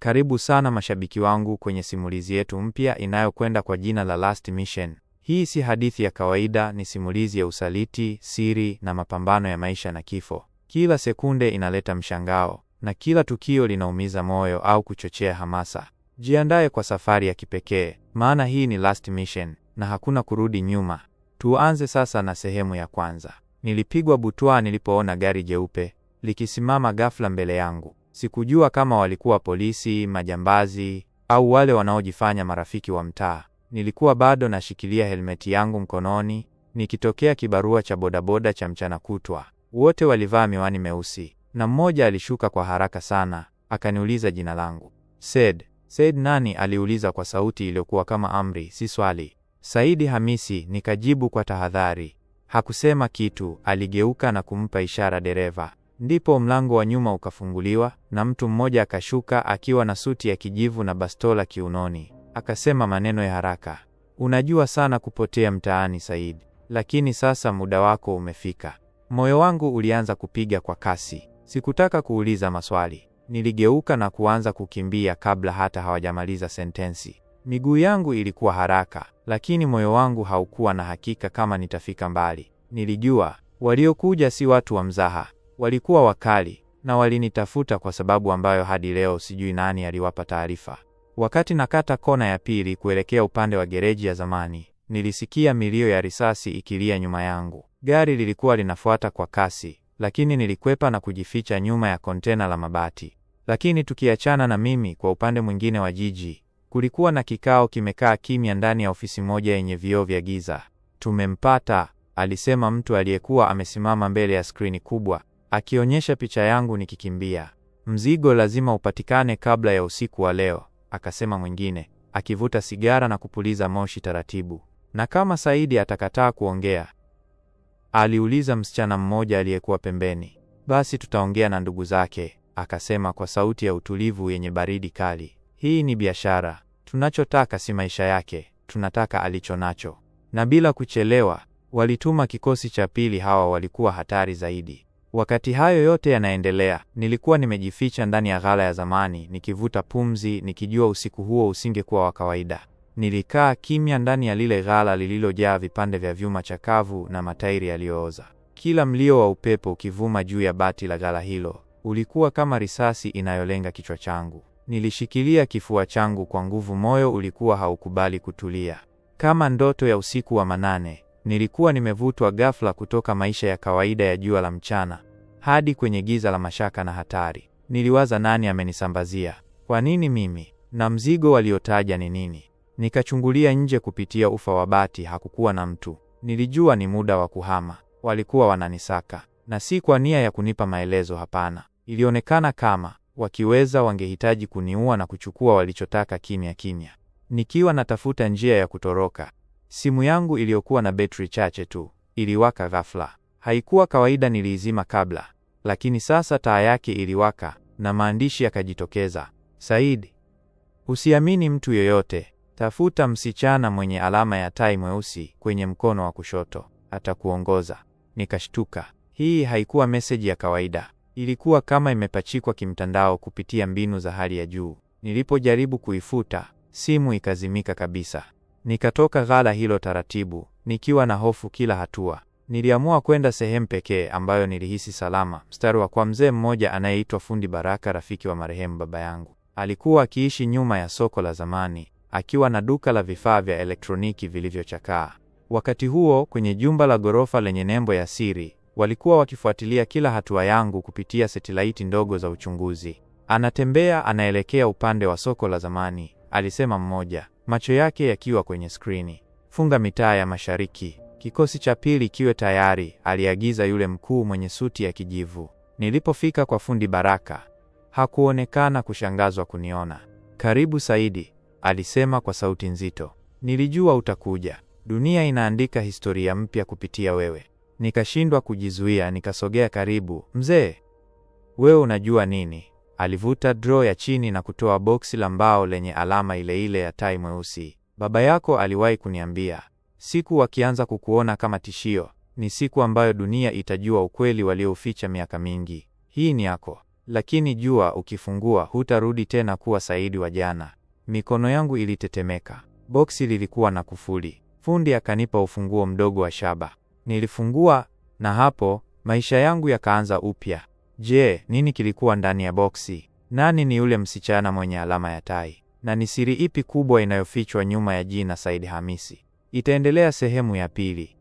Karibu sana mashabiki wangu kwenye simulizi yetu mpya inayokwenda kwa jina la Last Mission. Hii si hadithi ya kawaida, ni simulizi ya usaliti, siri na mapambano ya maisha na kifo. Kila sekunde inaleta mshangao na kila tukio linaumiza moyo au kuchochea hamasa. Jiandae kwa safari ya kipekee, maana hii ni Last Mission na hakuna kurudi nyuma. Tuanze sasa na sehemu ya kwanza. Nilipigwa butwaa nilipoona gari jeupe likisimama ghafla mbele yangu. Sikujua kama walikuwa polisi, majambazi au wale wanaojifanya marafiki wa mtaa. Nilikuwa bado nashikilia helmeti yangu mkononi, nikitokea kibarua cha bodaboda cha mchana kutwa. Wote walivaa miwani meusi na mmoja alishuka kwa haraka sana, akaniuliza jina langu. Said. Said nani? aliuliza kwa sauti iliyokuwa kama amri, si swali. Saidi Hamisi, nikajibu kwa tahadhari. Hakusema kitu, aligeuka na kumpa ishara dereva. Ndipo mlango wa nyuma ukafunguliwa na mtu mmoja akashuka akiwa na suti ya kijivu na bastola kiunoni. Akasema maneno ya haraka, unajua sana kupotea mtaani Said, lakini sasa muda wako umefika. Moyo wangu ulianza kupiga kwa kasi. Sikutaka kuuliza maswali, niligeuka na kuanza kukimbia kabla hata hawajamaliza sentensi. Miguu yangu ilikuwa haraka, lakini moyo wangu haukuwa na hakika kama nitafika mbali. Nilijua waliokuja si watu wa mzaha Walikuwa wakali na walinitafuta kwa sababu ambayo hadi leo sijui nani aliwapa taarifa. Wakati nakata kona ya pili kuelekea upande wa gereji ya zamani, nilisikia milio ya risasi ikilia nyuma yangu. Gari lilikuwa linafuata kwa kasi, lakini nilikwepa na kujificha nyuma ya kontena la mabati. Lakini tukiachana na mimi, kwa upande mwingine wa jiji kulikuwa na kikao kimekaa kimya ndani ya ofisi moja yenye vioo vya giza. Tumempata, alisema mtu aliyekuwa amesimama mbele ya skrini kubwa akionyesha picha yangu nikikimbia. Mzigo lazima upatikane kabla ya usiku wa leo, akasema mwingine, akivuta sigara na kupuliza moshi taratibu. Na kama Saidi atakataa kuongea, aliuliza msichana mmoja aliyekuwa pembeni. Basi tutaongea na ndugu zake, akasema kwa sauti ya utulivu yenye baridi kali. Hii ni biashara, tunachotaka si maisha yake, tunataka alicho nacho. Na bila kuchelewa, walituma kikosi cha pili. Hawa walikuwa hatari zaidi. Wakati hayo yote yanaendelea, nilikuwa nimejificha ndani ya ghala ya zamani, nikivuta pumzi, nikijua usiku huo usingekuwa wa kawaida. Nilikaa kimya ndani ya lile ghala lililojaa vipande vya vyuma chakavu na matairi yaliyooza. Kila mlio wa upepo ukivuma juu ya bati la ghala hilo ulikuwa kama risasi inayolenga kichwa changu. Nilishikilia kifua changu kwa nguvu, moyo ulikuwa haukubali kutulia. Kama ndoto ya usiku wa manane, Nilikuwa nimevutwa ghafla kutoka maisha ya kawaida ya jua la mchana hadi kwenye giza la mashaka na hatari. Niliwaza, nani amenisambazia? Kwa nini mimi? Na mzigo waliotaja ni nini? Nikachungulia nje kupitia ufa wa bati. Hakukuwa na mtu. Nilijua ni muda wa kuhama. Walikuwa wananisaka, na si kwa nia ya kunipa maelezo. Hapana, ilionekana kama wakiweza wangehitaji kuniua na kuchukua walichotaka kimya kimya. Nikiwa natafuta njia ya kutoroka, Simu yangu iliyokuwa na betri chache tu iliwaka ghafla. Haikuwa kawaida, niliizima kabla, lakini sasa taa yake iliwaka na maandishi yakajitokeza: Saidi, usiamini mtu yoyote, tafuta msichana mwenye alama ya tai mweusi kwenye mkono wa kushoto, atakuongoza. Nikashtuka. Hii haikuwa meseji ya kawaida, ilikuwa kama imepachikwa kimtandao kupitia mbinu za hali ya juu. Nilipojaribu kuifuta, simu ikazimika kabisa. Nikatoka ghala hilo taratibu, nikiwa na hofu kila hatua. Niliamua kwenda sehemu pekee ambayo nilihisi salama, mstari wa kwa mzee mmoja anayeitwa Fundi Baraka, rafiki wa marehemu baba yangu. Alikuwa akiishi nyuma ya soko la zamani, akiwa na duka la vifaa vya elektroniki vilivyochakaa. Wakati huo, kwenye jumba la ghorofa lenye nembo ya siri, walikuwa wakifuatilia kila hatua yangu kupitia setilaiti ndogo za uchunguzi. Anatembea anaelekea upande wa soko la zamani, alisema mmoja macho yake yakiwa kwenye skrini. Funga mitaa ya mashariki, kikosi cha pili kiwe tayari, aliagiza yule mkuu mwenye suti ya kijivu. Nilipofika kwa fundi Baraka hakuonekana kushangazwa kuniona. Karibu Saidi, alisema kwa sauti nzito. Nilijua utakuja, dunia inaandika historia mpya kupitia wewe. Nikashindwa kujizuia, nikasogea karibu. Mzee, wewe unajua nini? Alivuta draw ya chini na kutoa boksi la mbao lenye alama ile ile ya tai mweusi. Baba yako aliwahi kuniambia, siku wakianza kukuona kama tishio, ni siku ambayo dunia itajua ukweli waliouficha miaka mingi. Hii ni yako, lakini jua ukifungua hutarudi tena kuwa Saidi wa jana. Mikono yangu ilitetemeka. Boksi lilikuwa na kufuli. Fundi akanipa ufunguo mdogo wa shaba. Nilifungua na hapo maisha yangu yakaanza upya. Je, nini kilikuwa ndani ya boksi? Nani ni yule msichana mwenye alama ya tai? Na ni siri ipi kubwa inayofichwa nyuma ya jina Said Hamisi? Itaendelea sehemu ya pili.